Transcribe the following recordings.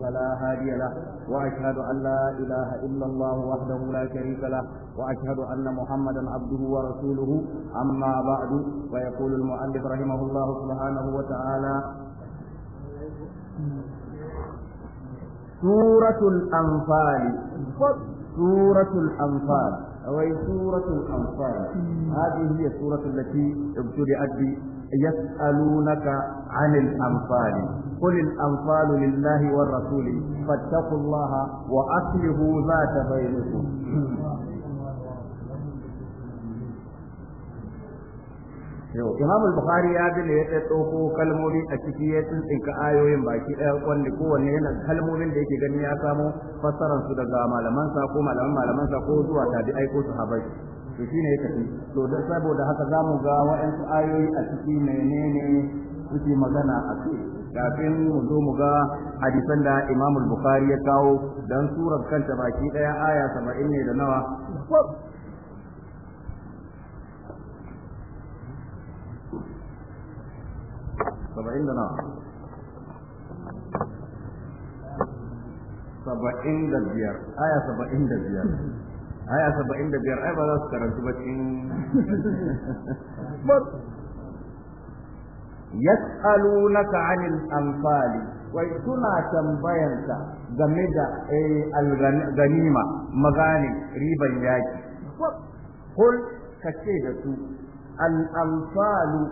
فلا هادي له واشهد ان لا اله الا الله وحده لا شريك له واشهد ان محمدا عبده ورسوله اما بعد فيقول المؤلف رحمه الله سبحانه وتعالى سورة الأنفال سورة الأنفال أو سورة الأنفال هذه هي السورة التي ابتدأت يسألونك عن الأنفال قل الأنفال لله والرسول فاتقوا الله وأصلحوا ذات بينكم Imam al Bukhari ya bi ne ya tsoko kalmomi a ciki ya tsinka ayoyin baki ɗaya wanda kowanne yana kalmomin da yake gani ya samo fassararsu daga malaman ko malaman malaman ko zuwa tabi'ai ko su habai to shine ya tafi to da saboda haka zamu ga wa'ansu ayoyi a ciki menene suke magana a kai kafin mu zo mu ga hadisan da Imam Bukhari ya kawo dan surar kanta baki daya aya 70 ne da nawa saba'in da nawa saba'in da biyar aya saba'in da biyar aya saba'in da biyar ai ba za su karanci ba cikin yas'alunaka 'anil anfali wai suna tambayanka game da eh, al-ganima magani riban yaki kul kace da su al-anfalu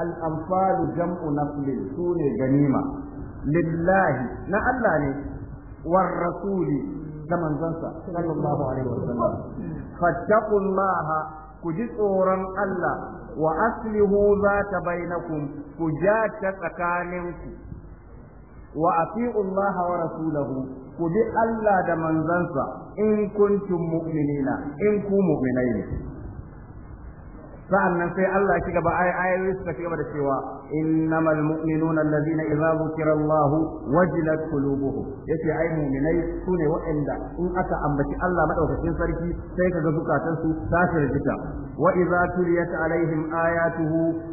al-anfalu jam'u naflin sune ganima lillahi na Allah ne war rasuli da manzansa sallallahu alaihi wasallam hmm. fattaqullaha ku ji tsoron Allah wa aslihu zata bainakum ku ja ta tsakaninku wa atiu Allah wa rasulahu ku bi Allah da manzansa in kuntum mu'minina in ku mu'minai sa'annan sai Allah ya ci gaba ayoyi suka ci da cewa إنما المؤمنون الذين إذا ذكر الله وجلت قلوبهم يتي أي مؤمني سوني وإن دا إن أتى أمبتي الله مدعو فسين سركي سيكا غزوكا تنسو تاشر جتا وإذا تليت عليهم آياته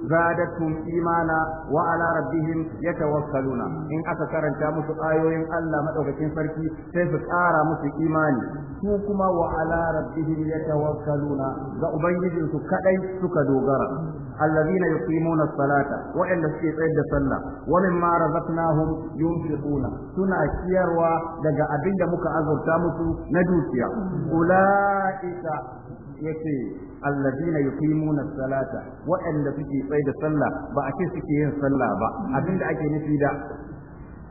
زادتهم إيمانا وعلى ربهم يتوكلون إن أتى كرن تامس آيوين الله مدعو فسين سركي سيكا آرى مسي إيماني سوكما وعلى ربهم يتوكلون ذا أبيجن سكأي سكدوغرا الذين يقيمون الصلاة waɗanda suke tsayar da sallah wa mimma razaqnahum yunfiquna suna ciyarwa daga abin da muka azurta musu na dukiya ulaika yace alladina yuqimuna salata waɗanda suke tsayar da sallah ba a ce suke yin sallah ba abinda ake nufi da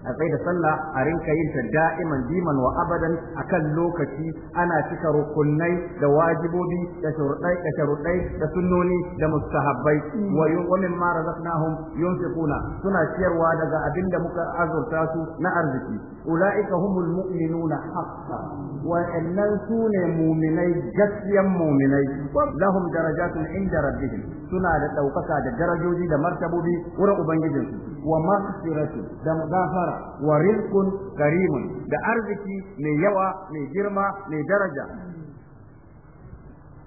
a tsaye da sallah a rinka yin ta da'iman diman wa abadan kan lokaci ana cika rukunai da wajibobi da shurudai da sharudai da sunnoni da mustahabbai wa yumin ma razaqnahum yunfiquna suna ciyarwa daga abin da muka azurta su na arziki ulaika humul mu'minuna haqqan wa annan sune mu'minai gaskiyan mu'minai lahum darajatun inda rabbihim suna da ɗaukaka da darajoji da martabobi wurin ubangijinsu wa siratu da gafara wa rizqun karimun da arziki mai yawa mai girma mai daraja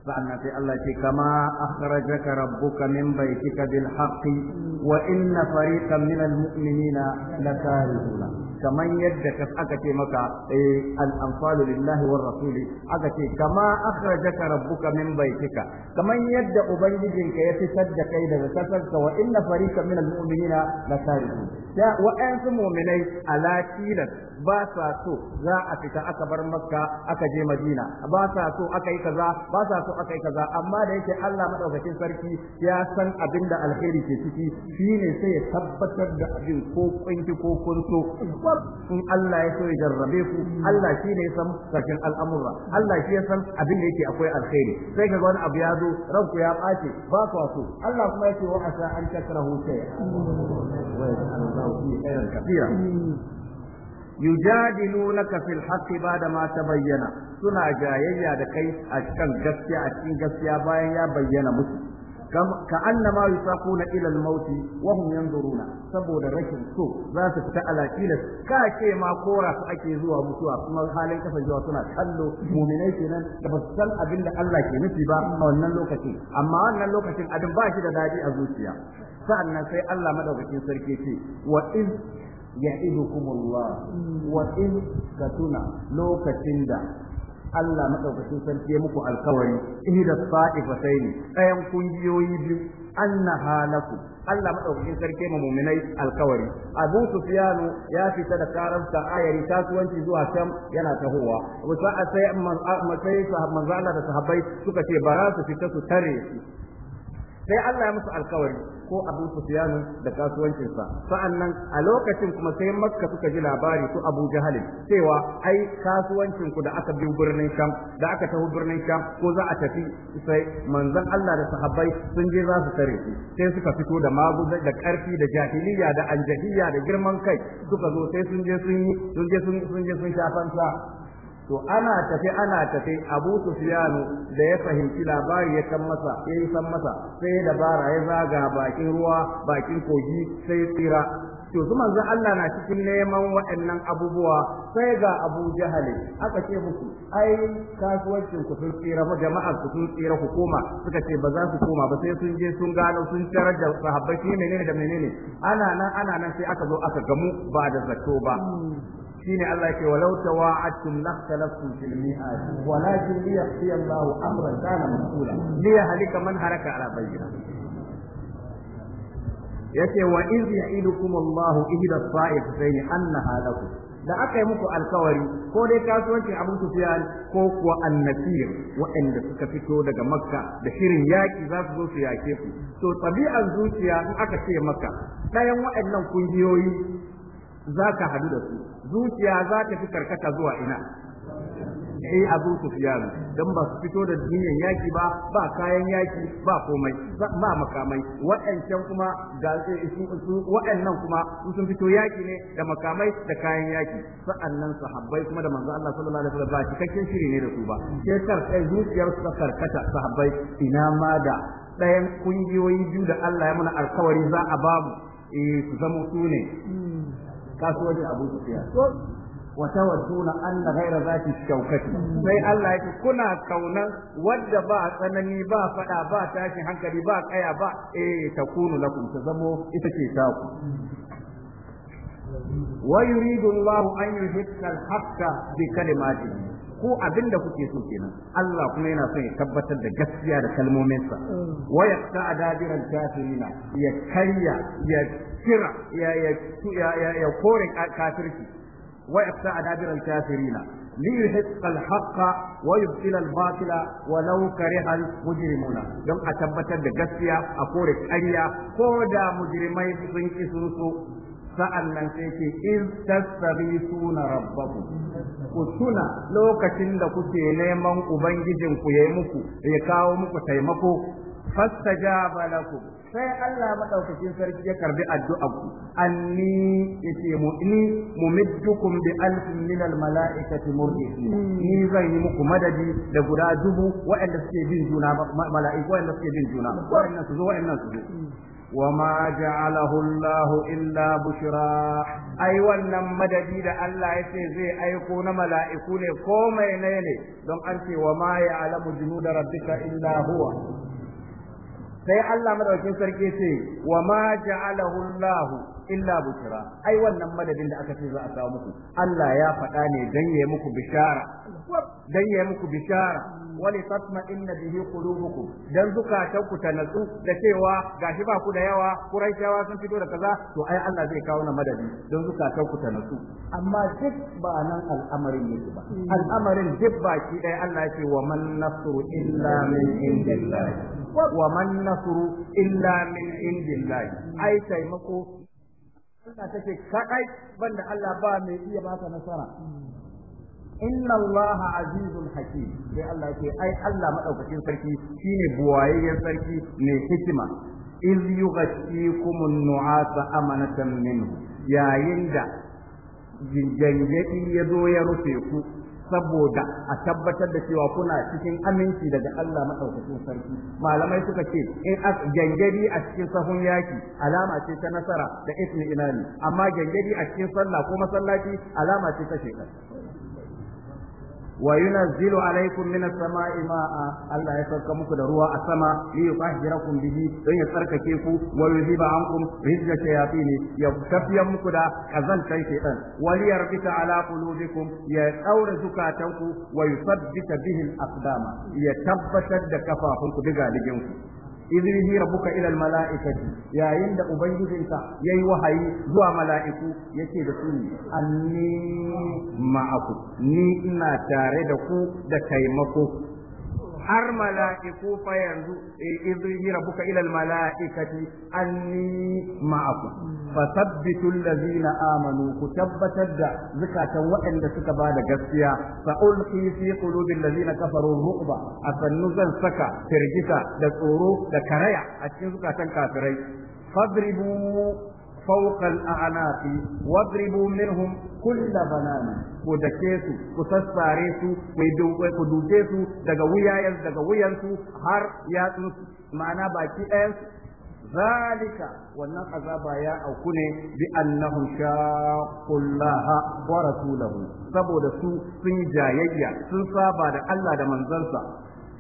sa'annan sai Allah ce kama akhrajaka rabbuka min baitika bil haqqi wa inna fariqan minal mu'minina lakarihuna kamar yadda ka aka ce maka eh, al-anfalu lillahi war rasuli aka ce kama akhrajaka rabbuka min baitika kamar yadda ubangijinka ya fitar da kai daga kasarka wa inna farika min al-mu'minina la tarihun ya wa'ansu mu'minai ala tilas ba sa so za a fita aka bar makka aka je madina ba sa so aka yi kaza ba sa so aka yi kaza amma da yake Allah madaukakin sarki ya san abin da alheri ke ciki shine sai ya tabbatar da abin ko kunki ko kunso akbar in Allah ya so ya jarrabe ku Allah shi ne ya san sakin al'amura Allah shi ya san abin da yake akwai alkhairi sai kaga wani abu ya zo ranku ya bace ba ku so Allah kuma yake wa asa an takrahu shay'a wa yas'alullahu fi khairin fil haqqi ba'da ma tabayyana suna jayayya da kai a cikin gaskiya a cikin gaskiya bayan ya bayyana musu ka annama yusafuna ila al-maut wa hum yanzuruna saboda rashin so za su fita ala tilas ka ce ma kora ake zuwa mutuwa kuma halin kasancewa suna kallo mu'minai kenan da basu san abin da Allah ke nufi ba a wannan lokacin amma wannan lokacin abin ba shi da daɗi a zuciya sa'annan sai Allah madaukakin sarki ce wa in ya'idukumullah wa in katuna lokacin da Allah madaukakin sarki ya muku alkawari fasai ne. ɗayan kungiyoyi biyu annaha lakum Allah madaukakin sarki ma mu'minai alkawari Abu Sufyan ya fita da karanta ayari kasuwanci zuwa Sham yana tahowa wata sai manzo Allah da sahabbai suka ce bara su fita su tare su sai Allah ya musu alkawari ko Abu Sufyan da kasuwancinsa sa'annan a lokacin kuma sai Makka suka ji labari su Abu Jahal cewa ai kasuwancin ku da aka bi birnin Sham da aka taho birnin Sham ko za a tafi sai manzon Allah da sahabbai sun je za su tare su sai suka fito da maguza da karfi da jahiliya da anjahiya da girman kai suka zo sai sun je sun yi sun je sun je sun shafansa to ana tafi ana tafi abu sufiyanu da ya fahimci labari ya san masa ya yi san masa sai ya dabara ya zaga bakin ruwa bakin kogi sai tsira to zuma zan Allah na cikin neman waɗannan abubuwa sai ga Abu Jahali aka ce musu ai kasuwancin ku sun tsira fa jama'ar ku sun tsira ku koma suka ce ba za su koma ba sai sun je sun gano sun tarar da sahabbai menene da menene ana nan ana nan sai aka zo aka gamu ba da zato ba shine Allah ke walau tawa'atum lakhtalaftum fil mi'at walakin liyaqdi Allah amran kana mas'ula liyahlika man haraka ala bayyin yace wa idh ya'idukum Allah ihda sa'if saifatayn annaha lakum da aka yi muku alkawari ko dai kasuwancin abin sufiyan ko kuwa annasir waanda suka fito daga makka da shirin yaki za su zo su yake ku to tabi'an zuciya in aka ce maka ɗayan waɗannan kungiyoyi za ka hadu da su zuciya za ta fi karkata zuwa ina A abu sufyan Don ba su fito da duniyan yaki ba ba kayan yaki ba komai ba makamai waɗancan kuma ga su waɗannan kuma sun fito yaki ne da makamai da kayan yaki sa'annan sahabbai kuma da manzo Allah sallallahu alaihi wasallam ba cikakken shiri ne da su ba sai kar sai zuciyar su karkata sahabbai ina ma da ɗayan kungiyoyi biyu da Allah ya muna alkawari za a babu eh su zama su ne kasuwancin abincin siya. Wata wasu na an na gaira za ki shaukaci. Sai Allah ya ce kuna kaunan wadda ba tsanani ba faɗa ba tashin hankali ba kaya ba e eh, ta kunu lakum ta zamo ita ce ta ku. Wa yuridu Allah an yuhibbal hakka bi ko abin da kuke so kenan Allah kuma yana son ya tabbatar da gaskiya da kalmominsa mm. wa yaqta adabiran kafirina ya karya ya kira ya ya ya kore kafirci wa yaqta adabiran kafirina ليحق الحق ويبطل الباطل ولو كره المجرمون don a tabbatar da gaskiya a kore ƙarya ko da mujrimai sun ki sun so Sa'an nan sai ke in iz tastabisuna rabbakum ku suna lokacin da kuke neman ubangijin ku yayi muku ya kawo muku taimako fastajaba lakum sai Allah madaukakin sarki ya karbi addu'arku anni yace mu ni mumiddukum bi alfin min al mala'ikati murdifin ni zan yi muku madadi da guda dubu waɗanda suke bin juna mala'iku waɗanda suke bin juna waɗanda su zo waɗanda su zo وما جعله الله إلا بشرى أي wannan madadi da Allah ya zai aiko na mala'iku ne ko mai ne ne don an ce wa ma ya alamu junuda rabbika illa huwa sai Allah madaukin sarki ce wa ma ja'alahu illa bushra ai wannan madadin da aka ce za a kawo muku Allah ya faɗa ne dan yayi muku bishara dan yayi muku bishara wali tatma'inna bihi qulubukum dan zukatan ku ta natsu da cewa gashi ba ku da yawa quraishawa sun fito da kaza to ai Allah zai kawo na madadi dan zukatan ku ta natsu amma duk ba nan al'amarin yake ba al'amarin duk baki ɗaya Allah yake wa man nasru illa min indillah wa man nasru illa min indillah ai taimako Allah take kai banda Allah ba mai iya baka nasara inna allaha azizul hakim sai Allah yake ai Allah madaukakin sarki shine buwayayyen sarki ne hikima iz yughashikum nuasa amanatan minhu yayin da jinjangadi ya zo ya rufe ku saboda a tabbatar da cewa kuna cikin aminci daga Allah madaukakin sarki malamai suka ce in gangari a cikin sahun yaki alama ce ta nasara da ismi ilani amma gangadi a cikin sallah ko masallaci alama ce ta shekara وينزل عليكم من السماء ماء الله يسرك مكد روا السماء ليطهركم به دون يسرك كيف ويذيب عنكم رجل الشياطين يكفي مكد كذن شيئا وليربط على قلوبكم يأور زكاتكم ويثبت به الأقدام يتبتد كفاكم بغالبكم idrihi rabbuka ila almalaikati yayin da ubangijinka yayi wahayi zuwa mala'iku yace da su anni ma'aku ni ina tare da ku da taimako har mala'iku fa yanzu idhi rabbuka ila almala'ikati anni ma'akum fasabbitul ladzina amanu ku tabbatar da zakatan waɗanda suka ba da gaskiya sa'ulqi fi qulubil ladzina kafaru ruqba asannu zan saka firgita da tsoro da karaya a cikin zakatan kafirai fadribu a kulla ku فوق su, واضربوا منهم كل بنان su daga ودوكيسو دقويا دقويا هر ياتنس معنا باكي ذلك wannan azaba ya auku ne bi annahum shaqqullaha wa rasulahu saboda su sun jayayya sun saba da Allah da manzansa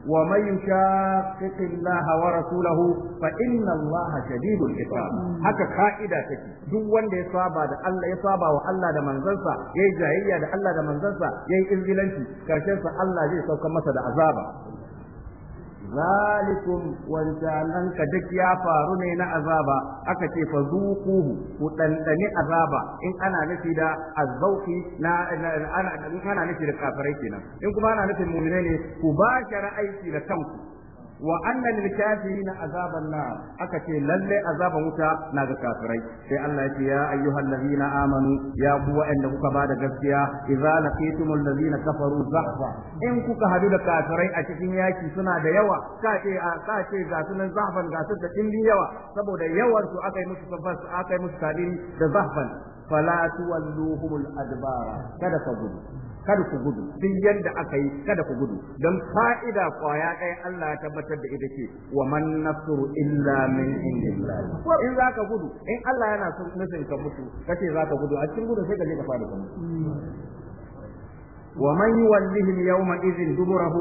ومن يشاقق الله ورسوله فإن الله شديد العقاب haka ka'ida take duk wanda ya saba da Allah ya saba wa Allah da manzansa yayi jahiliya da Allah da manzansa yayi izgilanci karshen sa Allah zai sauka masa da azaba zalikum wancanan ka duk ya faru ne na azaba aka ce fa zuquhu ku dandani azaba in ana nufi da azzauki na ana nufi da kafirai kenan in kuma ana nufin mu'mine ne ku ba aiki da kanku wa anna lil kafirin azaban na aka ce lalle azaban wuta na ga kafirai sai Allah ya ce ya ayyuhal ladina amanu ya ku wa'anda kuka bada gaskiya idza laqitumul ladina kafaru zahfa in kuka hadu da kafirai a cikin yaki suna da yawa ka ce ka ce ga sunan zahfan ga su da dimbin yawa saboda yawan su aka yi musu tabbas aka yi musu tabiri da zahfan fala tuwalluhumul adbara kada ka gudu kada ku gudu duk yadda aka yi kada ku gudu don fa'ida kwaya ɗaya Allah ya tabbatar da ita ce wa man nasru illa min indillah in zaka gudu in Allah yana son nufin ka mutu kace zaka gudu a cikin gudu sai ka je ka fara kuma ومن يولهم يومئذ دبره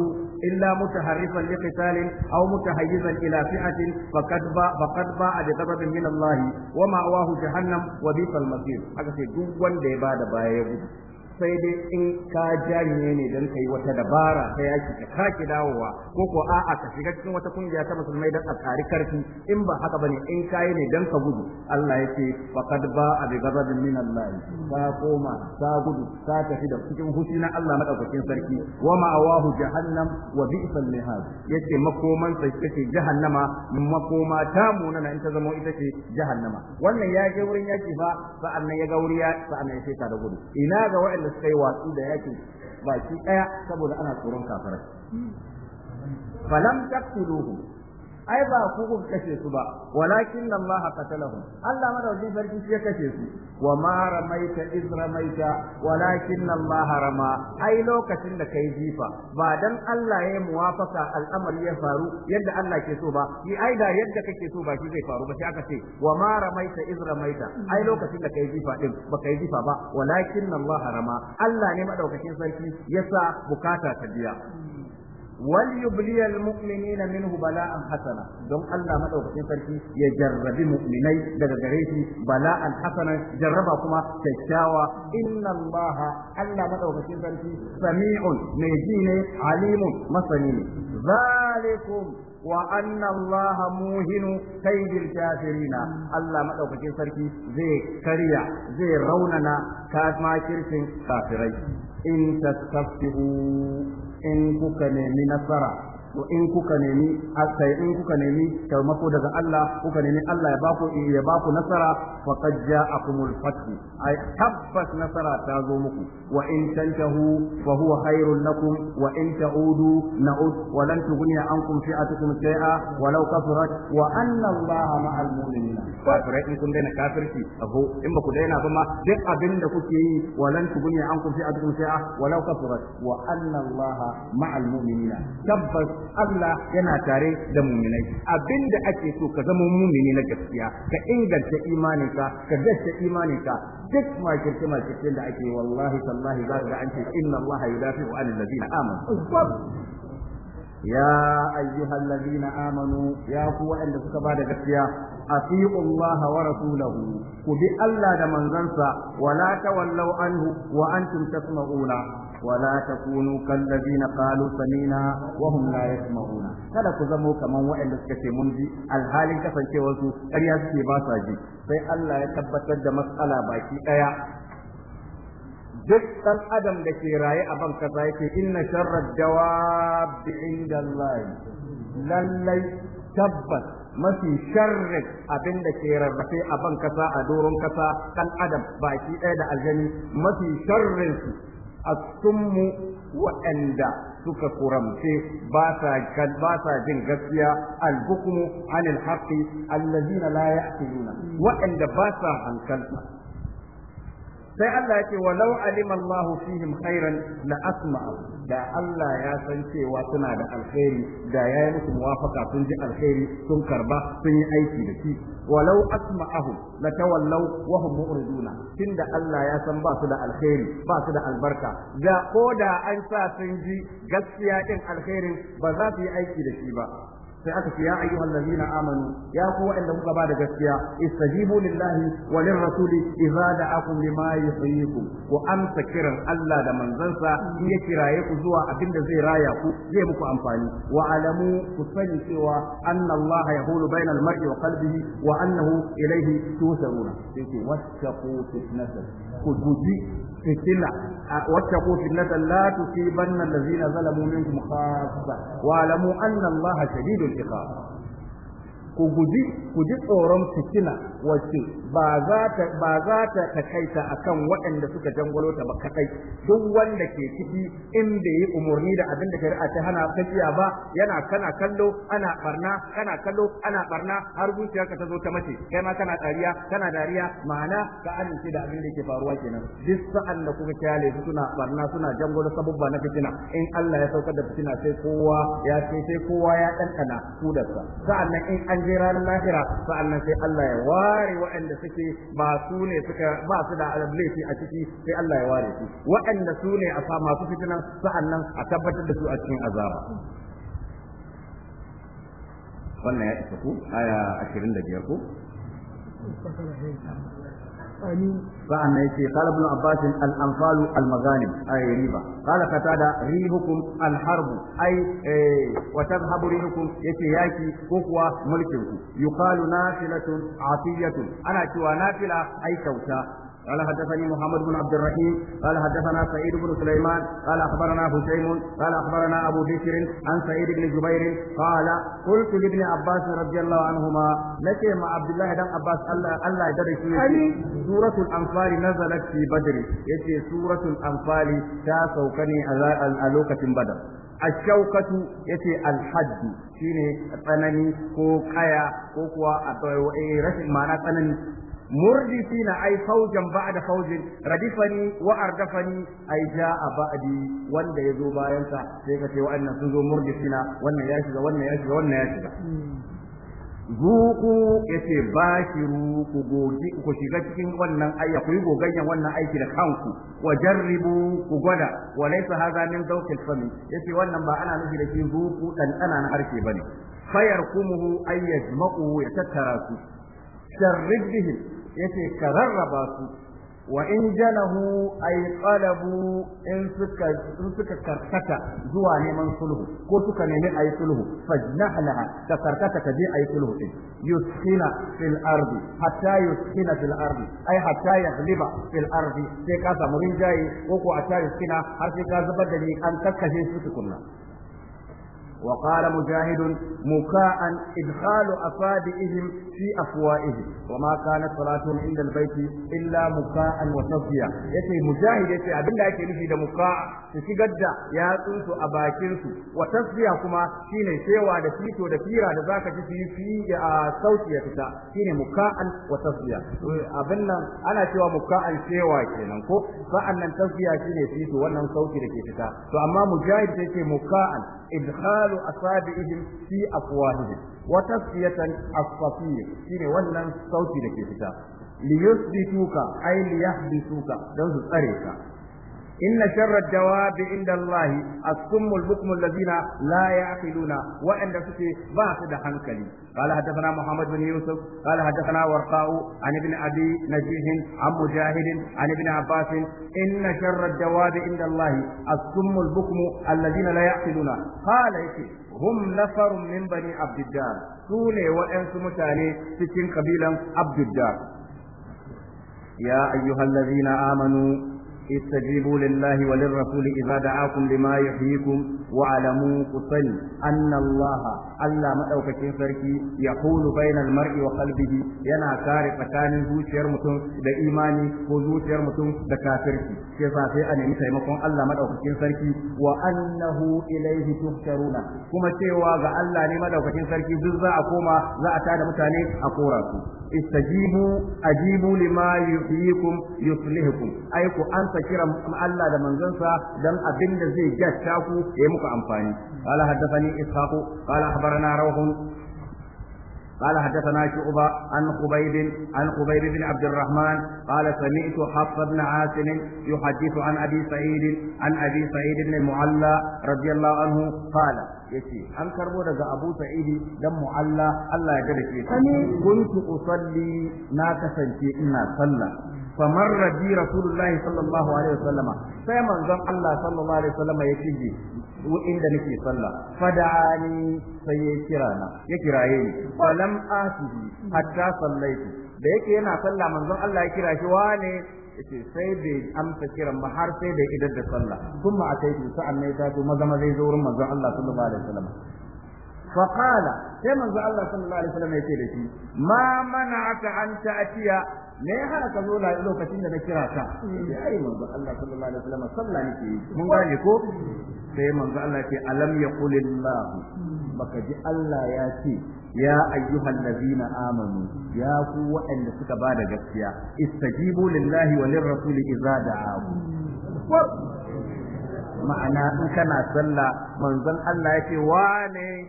إلا متحرفا لقتال أو متحيزا إلى فئة فقد باء فقد باء بغضب من الله ومأواه جهنم وبئس المصير هذا في جوان ديبا دبا gudu. sai dai in ka janye ne don ka yi wata dabara ta yaki ka sake dawowa ko ko a'a ka shiga cikin wata kungiya ta musulmai don a tsari karfi in ba haka ba ne in ka yi ne don ka gudu Allah yake faqad ba a bi ghadabin min Allah ka koma ka gudu ka tafi da cikin hushi na Allah madaukakin sarki wa ma'awahu jahannam wa bi'sal mihad yace makoman ita ce jahannama makoma ta munana in ta zama ita ce jahannama wannan ya je wurin yaki fa sa'annan ya ga wuri ya sa'annan ya ce ta da gudu ina ga wa'anda da suka yi watsi da yakin baki daya saboda ana tsoron kafirai falam taqtuluhu ai ba ku ku kace su ba walakin Allah qatalahum Allah madaukin sarki shi ya kashe su wa ma ramaita iz ramaita walakin Allah rama ai lokacin da kai jifa ba dan Allah ya muwafaka al'amari ya faru yadda Allah ke so ba yi ai da yadda kake so ba shi zai faru ba sai aka ce wa ma ramaita iz ramaita ai lokacin da kai jifa din ba kai jifa ba walakin Allah rama Allah ne madaukakin sarki yasa bukata ta biya وليبلي المؤمنين منه بلاء حسنا دون الله sarki ya jarrabi مؤمني daga gare shi bala'an Hassana. jarraba kuma kyakkyawa inna Allah Allah madaukakin sarki sami'un mai ji ne alimun masani ne zalikum wa anna Allah muhinu kaidil kafirina Allah madaukakin sarki zai karya zai raunana kafircin kafirai in tasaffihu in kuka nemi nasara to in kuka nemi sai in kuka nemi taimako daga Allah kuka nemi Allah ya baku ya baku nasara faqad ja'akumul fath ai tabbas nasara ta zo muku wa in tantahu fa huwa khairul lakum wa in ta'udu na'ud wa lan tughni ankum fi'atukum shay'a wa law kafarat wa anna Allah ma'al mu'minin kafirai in kun daina kafirci aho in ba ku daina ba ma duk abinda kuke yi wa lan tughni ankum fi'atukum shay'a wa law kafarat wa anna Allah ma'al mu'minin tabbas Allah yana tare da muminai abinda ake so ka zama mumini na gaskiya ka inganta imaninka ka gaske imaninka duk makirce makircen da ake wallahi sallahi, za ga an ce inna Allah yudafi'u anil ladina amanu ya ayyuhal ladina amanu ya ku wa'anda suka bada gaskiya أطيعوا الله ورسوله وبألا لمن زنسى ولا تولوا عنه وأنتم تسمعون ولا تكونوا كالذين قالوا سمينا وهم لا يسمعون kada ku zamo kaman waɗanda suka ce mun ji alhalin kasancewar su ƙarya suke basa sa ji sai Allah ya tabbatar da matsala baki ɗaya duk ɗan adam da ke raye a ban kasa yake inna sharrad dawabi inda Allah lallai tabbas mafi sharrin abin da ke rarrafe a ban kasa a doron ƙasa kan adam baki ɗaya da aljani mafi sharrin su asummu waɗanda suka kuramce ba sa jin gaskiya al-hukmu anil haqqi allazina la waɗanda ba sa hankalta sai Allah ya ce walau alima Allahu fihim khairan la asma'a da Allah ya san cewa suna da alkhairi da ya yi musu muwafaka sun ji alkhairi sun karba sun yi aiki da shi walau asma'ahu la tawallaw wa hum mu'riduna tunda Allah ya san ba su da alkhairi ba su da albarka ga ko da an sa sun ji gaskiya din alkhairin ba za su yi aiki da shi ba sai aka ce ya ayyuhal ladina amanu ya ku wa'anda kuka ba da gaskiya istajibu lillahi wa lirrasuli idza da'akum lima yuhyikum ku amsa kiran Allah da manzansa in ya kiraye ku zuwa abin da zai raya ku zai muku amfani wa alamu ku sani cewa anna Allah yahulu bainal mar'i wa qalbihi wa annahu ilayhi tusaruna sai ce wattaqu fitnatan ku guji fitina wattaqu fitnatan la tusibanna allazina zalamu minkum khassa wa alamu anna Allah shadidul के साथ ku guji ku ji tsoron fitina wacce ba za ta ba za ta takaita akan waɗanda suka jangwalo ta ba kadai duk wanda ke ciki in bai yi umarni da abin da shari'a ta hana kaciya ba yana kana kallo ana barna kana kallo ana barna har zuciyarka ta zo ta mace kai ma kana dariya kana dariya ma'ana ka amince da abin da ke faruwa kenan duk sa'an da kuma kyale suna barna suna jangwalo sabubba na fitina in Allah ya saukar da fitina sai kowa ya sai kowa ya ɗanɗana kudarsa sa'an nan in an je ranar lahira sa'annan sai Allah ya ware waɗanda suke ba su ne suka ba su da laifi a ciki sai Allah ya ware su waɗanda su ne a masu fitinan sa'annan a tabbatar da su a cikin azaba wannan ya isa ku aya 25 ko فأنا يتي قال ابن عباس الأنفال المغانم أي ريبة قال قتادة ريبكم الحرب أي وتذهب ريبكم يتياكي كوكوا ملككم يقال نافلة عطية أنا كوا نافلة أي كوتا قال حدثني محمد بن عبد الرحيم قال حدثنا سعيد بن سليمان قال اخبرنا هشيم قال اخبرنا ابو بكر عن سعيد بن جبير قال قلت لابن عباس رضي الله عنهما لك مع عبد الله بن عباس الله الله يدرك سورة الانفال نزلت في بدر يتي سورة الانفال تا سوكني على لوكة بدر الشوكة يتي الحد shine tsanani ko kaya ko kuwa a rashin ma'ana tsanani murdifina ai فوجا بعد فوج ردفني وأردفني أي جاء بعدي ba'di wanda yazo bayan sa sai ka ce wa'annan sun zo murdifina wannan ya shiga wannan ya shiga wannan ya shiga zuku yace shi ku gogi ku shiga cikin wannan ayya ku yi gogayyan wannan aiki da kanku wa jarribu ku gwada wa laysa hadha min zawqil fami yace wannan ba ana nufi da shi zuku dan ana na harke bane fayarkumuhu ayyajma'u yajma'u ya tattara su sharrid yace ka rarraba su wa in janahu ay qalabu in suka in suka karkata zuwa neman sulhu ko suka nemi ay sulhu fajnahlaha ka karkata ka je ay sulhu din yuskina fil ardi hatta yuskina fil ardi ay hatta yaghliba fil ardi sai ka samu rinjaye ko ko a tare har sai ka zubar da ni an kakkashe su tukunna وقال مجاهد مكاء إدخال أصابعهم في أفوائهم وما كانت صلاتهم عند البيت إلا مكاء وتصفية يتي مجاهد يتي أبن لا يتي نفيد مكاء تشقد يا تنسو أباكنس وتصفية كما شين سيوا دفيتو دفيرا دذاك تشي في صوتي يتسا شين مكاء وتصفية أبن أنا شوى مكاء سيوا كينا فأنا تصفية شين فيتو وانا صوتي لكي تسا فأما مجاهد يتي مكاء idkhalu asabi'ihim fi afwahihim wa tasfiyatan as-safir shine wannan sauti da ke fita liyusbituka ay liyahdisuka don su tsare ka inna sharra dawabi inda Allah as-summu al-bukmu alladhina la ya'qiluna wa inda suke ba su da hankali قال حدثنا محمد بن يوسف قال حدثنا ورقاء عن ابن ابي نجيح عن مجاهد عن ابن عباس ان شر الدواب عند الله السم البكم الذين لا يعقلون قال هم نفر من بني عبد الدار سوني وانس متاني cikin قبيلا عبد الدار يا ايها الذين امنوا استجيبوا لله وللرسول إذا دعاكم لما يحييكم واعلموا قصني أن الله ألا مأوك كيفركي يقول بين المرء وقلبه ينا كاري تكاني زوشير متون دا إيماني وزوشير متون دا كافركي كيفا في أن يمسي مكون ألا مأوك كيفركي وأنه إليه تهترون كما تيوا ألا نمأوك كيفركي زوزا أقوما لا أتاد متاني أقورا istajibu ajibu lima yuhyikum yuslihukum ai ku an sakira Allah da manzansa dan abin da zai gyata ku yayi muku amfani qala haddathani ishaqu qala akhbarana rawhun قال حدثنا شعبة عن خبيب عن خبيب بن عبد الرحمن قال سمعت حفص بن عاصم يحدث عن أبي سعيد عن أبي سعيد بن المعلى رضي الله عنه قال yace an karbo daga Abu Sa'idi dan mu'alla Allah ya gada shi kani kuntu usalli na kasance ina sallah famarra bi rasulullahi sallallahu alaihi wasallama sai manzon Allah sallallahu alaihi wasallama ya cije inda nake sallah fada'ani sai ya kira ya kiraye ni falam asibi hatta sallaitu da yake yana sallah manzon Allah ya kira shi wane yace sai bai amsa kiran ba har sai da idar da sallah kuma a kai sa'an ne ta zo maza maza zai zo wurin manzon Allah sallallahu alaihi wasallama فقال كما الله صلى الله عليه وسلم يتي ما منعك أن تأتي me ya hana ka zo lokacin da na kira ka ai manzo Allah sallallahu alaihi wasallam sallah yake mun gane ko sai manzo Allah ce alam yaqulillah baka ji Allah ya ce ya ayyuhal ladina amanu ya ku waɗanda suka ba da gaskiya istajibu lillahi wa lirrasuli idza da'ahu ma'ana in kana sallah manzon Allah ya ce wane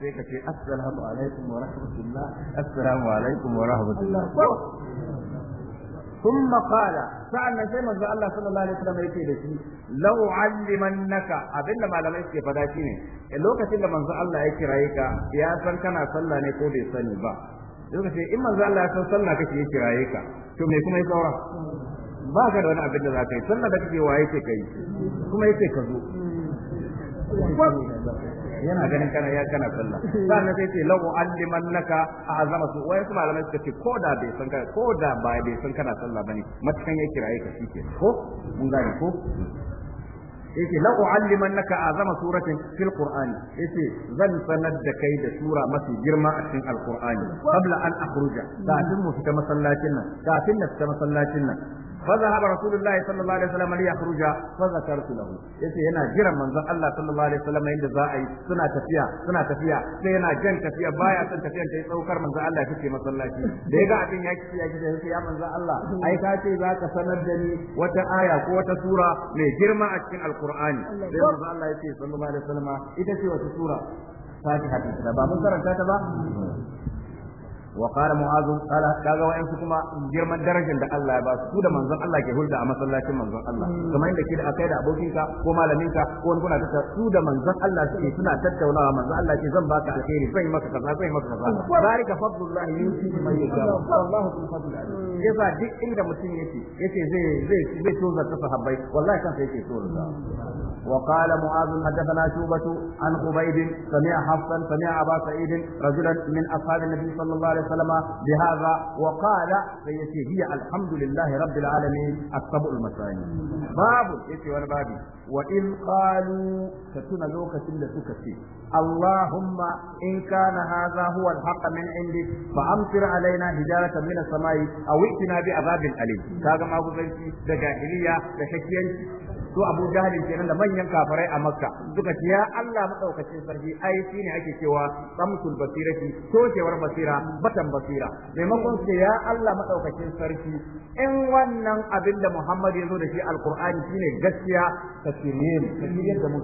sai ka ce assalamu alaikum wa rahmatullah assalamu alaikum wa rahmatullah ثم قال سألنا شيء الله صلى الله عليه وسلم يكي دشي لو علمنك أبن ما لم يكي فداشي ne lokacin da manzo Allah ya kiraye ka ya san kana sallah ne ko bai sani ba lokacin in manzo Allah ya san sallah ka to me kuma ba ka da wani abin da za ka yi da kake waye ce kai kuma ka yana ganin kana ya kana sallah sannan sai ce lahu alliman laka azama su wai su malamai suka ce ko da bai san kana ko da ba bai san kana sallah bane matakan ya kiraye ka shike ko mun gane ko yace la u'allimannaka azama suratin fil qur'ani yace zan sanar da kai da sura mafi girma a cikin alqur'ani qabla an akhruja kafin mu fita masallacin nan kafin na fita masallacin nan فذهب رسول الله صلى الله عليه وسلم ليخرج فذكرت له yace yana jiran manza Allah sallallahu alaihi wasallam inda za a yi suna tafiya suna tafiya sai yana jan tafiya baya son tafiyan ta yi saukar manza Allah take masallaci da ya ga abin ya kici ya kici sai ya manzon Allah ai ka ce za ka sanar da ni wata aya ko wata sura mai girma a cikin alqur'ani sai manzon Allah yace sallallahu alaihi wasallam ita ce wata sura fatiha ta ba mun karanta ta ba wa qala mu'az qala kaga wa'in su kuma girman darajar da Allah ya ba su da manzon Allah ke hulda a masallacin manzon Allah hmm. kamar ke da akai da abokinka ko malaminka ko wani kuna tattauna su da manzon Allah suke suna tattaunawa manzon Allah ce zan baka alheri zan maka kaza zan maka kaza barika hmm. fadlullahi yuti man yasha wallahu bil fadl yasa duk inda mutum yake yace zai zai zai tozarta sahabbai wallahi kansa yake tozarta hmm. وقال معاذ حدثنا شوبة عن خبيب سمع حفصا سمع أبا سعيد رجلا من أصحاب النبي صلى الله عليه وسلم بهذا وقال سيتي هي الحمد لله رب العالمين السبع المسائل باب يتي وربابي وإن قالوا كتنا لوكة لسكتي اللهم إن كان هذا هو الحق من عندك فأمطر علينا حجارة من السماء أو ائتنا بعذاب أليم كما أبو بنتي ده جاهلية ده su Abu Jahl kenan da manyan kafirai a Makka suka ce ya Allah maɗaukacin sarki ai shine ake cewa samsul basirati tokewar basira batan basira maimakon ce ya Allah maɗaukacin sarki in wannan abin da Muhammad ya zo da shi alqur'ani shine gaskiya ka shirye mu ka shirye da mu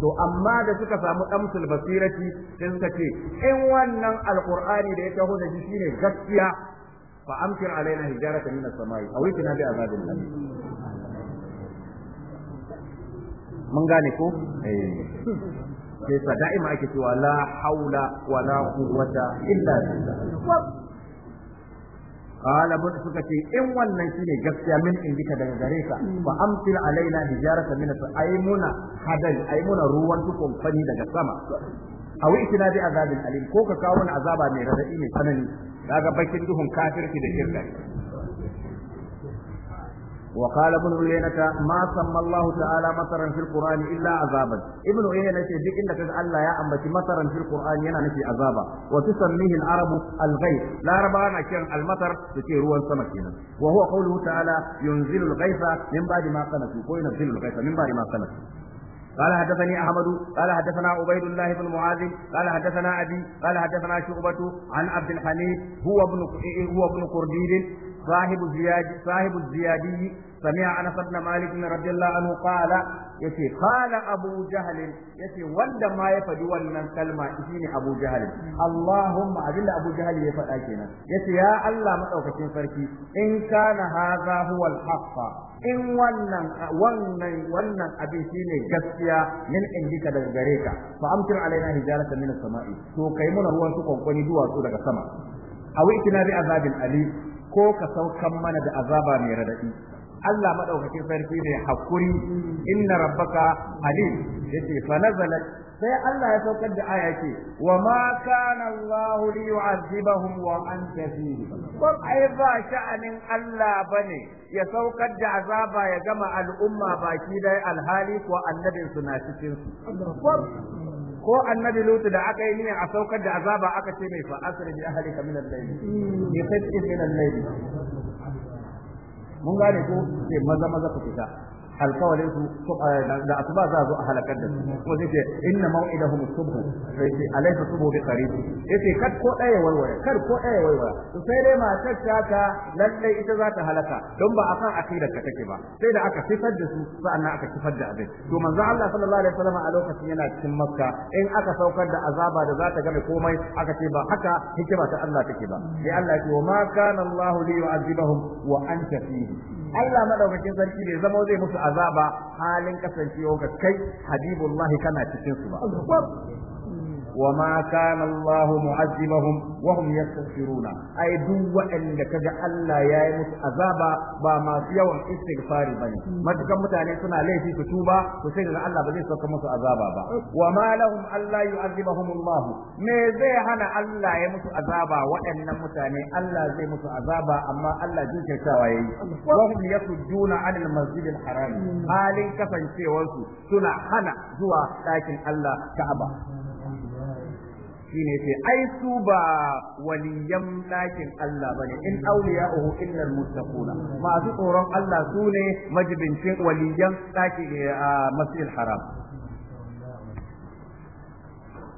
to amma da suka samu samsul basirati sai suka ce in wannan alqur'ani da ya taho da shi shine gaskiya fa amkir alaina hijaratan min as-sama'i aw bi azabin alim mun gane ko eh sai sa da'ima ake cewa la haula wala quwwata illa billah قال suka ce in wannan shine gaskiya min in bika daga gare ka fa amsil alaina hijarata min aymuna hadal aymuna ruwan tukun fani daga sama aw itina bi azabin alim ko ka kawo azaba mai radadi mai tsanani daga bakin duhun kafirki da shirka وقال ابن عيينة ما سمى الله تعالى مطرا في القرآن إلا عذابا ابن عيينة دي إنك الله يا أمتي مطرا في القرآن ينا نفي عذابا وتسميه العرب الغيث لا ربانا كان المطر تكي روى سمكنا وهو قوله تعالى ينزل الغيث من بعد ما قنطوا وينزل الغيث من بعد ما قنطوا قال حدثني احمد قال حدثنا عبيد الله بن معاذ قال حدثنا ابي قال حدثنا شعبة عن عبد الحميد هو ابن هو ابن كرديد صاحب الزياد صاحب الزيادي سمع أنس بن مالك رضي الله عنه قال يتي قال أبو جهل يتي وند ما يفدي ونن كلمة إشيني أبو جهل اللهم أذل أبو جهل يفدأكينا يتي يا الله مدوكتين فركي إن كان هذا هو الحق in wannan wannan wannan abin shine gaskiya min indika daga gare ka fa amtir alaina hijaratan min as-sama'i to kai mana ruwan su kwankwani duwatsu daga sama awi itina bi azabin ali ko ka saukan mana da azaba mai radadi Allah madaukakin sarki ne haƙuri, inna rabbaka alim yace fa nazalat sai Allah ya saukar da aya ce wa ma kana Allah li yu'adhibahum wa anta fihi ai ba sha'anin Allah bane ya saukar da azaba ya gama al'umma baki dai alhali ko annabin su na cikin su ko annabi lutu da aka yi niyan a saukar da azaba aka ce mai fa'asir bi ahlika min al-layl bi min al-layl mun gane ko sai maza maza ku fita alkawarin su eh, da asuba za zo a halakar da su kuma sai ce inna mau'idahum subhu sai ce alaysa subhu bi qarib yace kad ko daya warware kad ko daya warware to sai dai matar ta ka lalle ita za ta halaka don ba a akan akidar ka take ba sai da aka sifar da su sa'annan aka sifar da abin to manzo Allah sallallahu alaihi wasallam a lokacin yana cikin makka in aka saukar da azaba da za ta game komai aka ce ba haka hikima ta Allah take ba sai Allah ya ce wa ma kana Allah li yu'azibahum wa anta fihi Allah madaukakin sarki bai zama zai musu azaba halin kasancewa ga kai habibullahi kana cikin su ba وما كان الله معذبهم وهم يستغفرون أي دو وأن كذا ألا يا مس أذابا بما في يوم استغفار بني ما تكم متعني سنة ليه في كتوبة وسيد الله بذي سوك مس أذابا با وما لهم ألا يعذبهم الله ميزي هنا ألا يا مس أذابا وأن متعني ألا زي مس أذابا أما ألا جوك سواي وهم يسجون عن المسجد الحرام حالي كفن سيوانسو سنة هنا زوا لكن الله كعبا shine yace ai su ba waliyan ɗakin Allah bane in awliya'uhu illa almuttaquna masu tsoron Allah su ne majibincin waliyan dakin eh, masjidil haram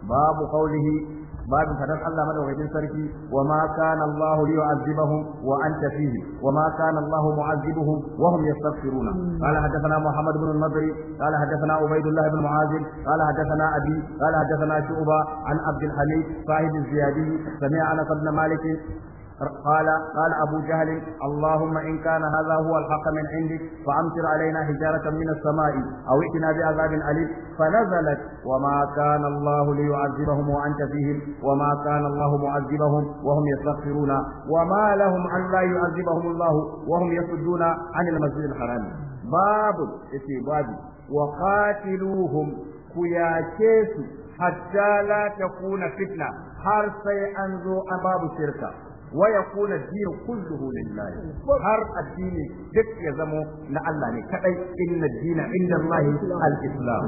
babu qawlihi babin fadar Allah madaukakin sarki wa ma kana Allah yu'azzibahum wa anta fihim wa ma kana Allah mu'azzibuhum wa hum yastaghfiruna qala hadathana Muhammad ibn al-Madri qala hadathana Ubaydullah ibn Mu'azib qala hadathana Abi qala hadathana Shu'ba an Abd al-Hamid sahib az-Ziyadi sami'a Anas Malik قال قال أبو جهل اللهم إن كان هذا هو الحق من عندك فأمطر علينا حجارة من السماء أو ائتنا بعذاب أليم فنزلت وما كان الله ليعذبهم وأنت فيهم وما كان الله معذبهم وهم يستغفرون وما لهم أن لا يعذبهم الله وهم يصدون عن المسجد الحرام باب استباب وقاتلوهم كياكيس حتى لا تكون فتنة har sai an zo a babu shirka wa yakuna ad-din kulluhu lillah har addini duk ya zamo na Allah ne kadai inna ad-dina inda Allah al-islam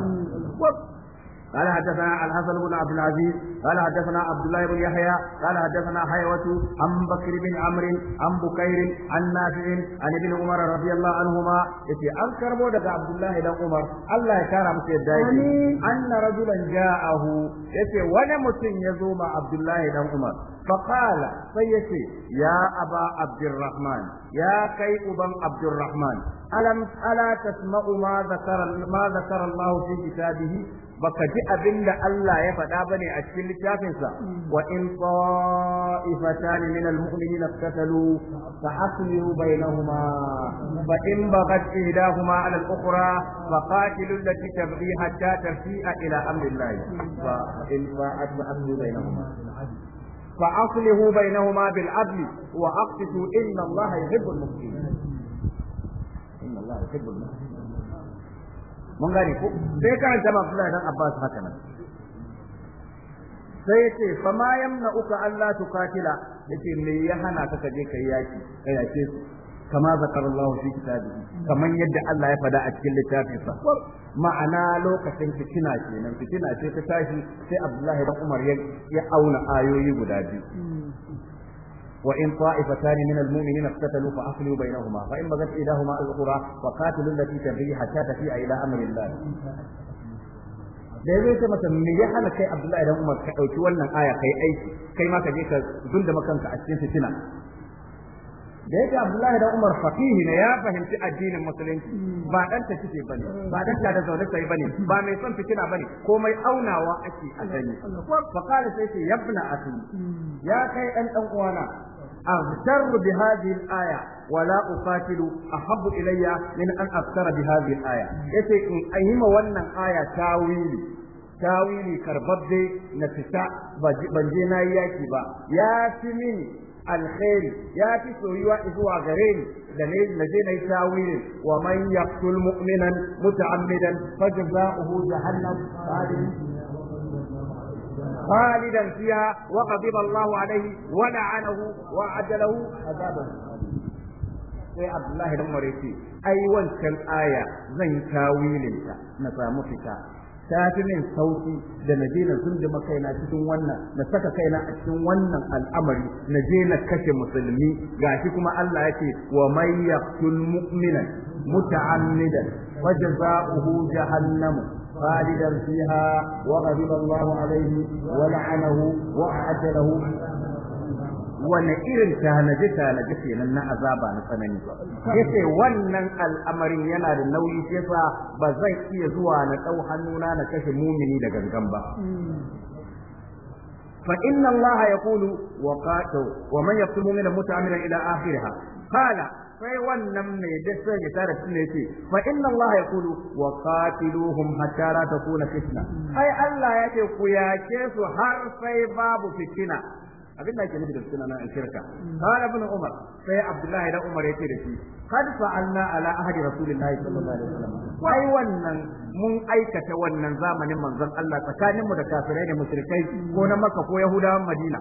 قال حدثنا الحسن بن عبد العزيز قال حدثنا عبد الله بن يحيى قال حدثنا حيوة عن بكر بن عمرو عن بكير عن نافع عن ابن عمر رضي الله عنهما يتي انكر بودك عبد الله بن عمر الله يكرم سيدايتي ان رجلا جاءه يتي وانا متن يزوم عبد الله بن عمر فقال سيتي يا أبا عبد الرحمن يا كي أبا عبد الرحمن ألم ألا تسمع ما ذكر ما ذكر الله في كتابه ji abinda Allah ya faɗa ba ne a cikin littafinsa wa in ta'ifatan min al-mu'minina iqtatalu fa aslihu bainahuma fa in baghat ihdahuma 'ala al-ukhra fa فأصله بينهما بالعدل وأقسطوا إن الله يحب المسلمين إن الله يحب المسلمين mun gane ko sai karanta ma Abdullahi dan Abbas sai yace fa ma yamna uka Allah tukatila yace me ya hana ka kaje kai yaki kai yake su kama zakarallahu fi kitabihi kaman yadda Allah ya fada a cikin littafinsa ma'ana lokacin fitina kenan fitina ce ta tashi sai Abdullahi dan Umar ya auna ayoyi guda biyu وإن طائفتان fa المؤمنين bainahuma fa in bagat ilahuma إحداهما الأخرى فقاتلوا التي تبغي حتى تفيء إلى ila الله da ya zai mata me ya hana kai Abdullahi dan Umar ka ɗauki wannan aya kai aiki kai ma ka je ka dunda makanka a cikin fitina da yake Abdullahi da Umar fakihi ne ya fahimci addinin musulunci ba dan ta kike bane ba dan ta da zaune sai bane ba mai son fitina bane komai aunawa ake a gani fa sai ce yabna akhi ya kai dan dan uwana أغتر بهذه الآية ولا أقاتل أحب إلي من أن أغتر بهذه الآية يتي yace أيما ونن آية تاويلي tawili karbabbe na fita ban je na yi yaki ba ya fi mini alkhairi ya fi soyuwa zuwa gare ni da ne na je na yi tawili wa man yaqtul mu'minan muta'ammidan fajza'uhu jahannam خالدا فيها وغضب الله عليه ولعنه وأعد له عذابا sai Abdullahi dan Mareci ai wancan aya zan yi tawilinta na samu fita ta fi min sauki da na je na zunduma kaina cikin wannan na saka kaina a cikin wannan al'amari na je na kashe musulmi gashi kuma Allah yake wa may yaqtul mu'mina muta'ammidan fajza'uhu jahannam wa فيها وغضب الله عليه ولعنه وأعد له wani irin tanaje tanaje kenan na azaba na tsanani yace wannan al'amarin yana da nauyi yasa ba zan iya zuwa na dau hannuna na kashe mumini da gangan ba wa الله يقول وقاتل ومن يقتل مؤمنا متعمدا إلى آخرها Kala, sai wannan mai dasa ya tara su ne ce fa inna Allah ya kulu wa qatiluhum hatta la takuna fitna ai Allah ya ce ku yake su har sai babu fitina abin da ake nufi da suna nan shirka qala ibn umar sai abdullahi da umar yake da shi qad fa'alna ala ahdi rasulillahi sallallahu alaihi wasallam wai wannan mun aikata wannan zamanin manzon Allah tsakaninmu da kafirai da musulkai ko na makka ko yahudawan madina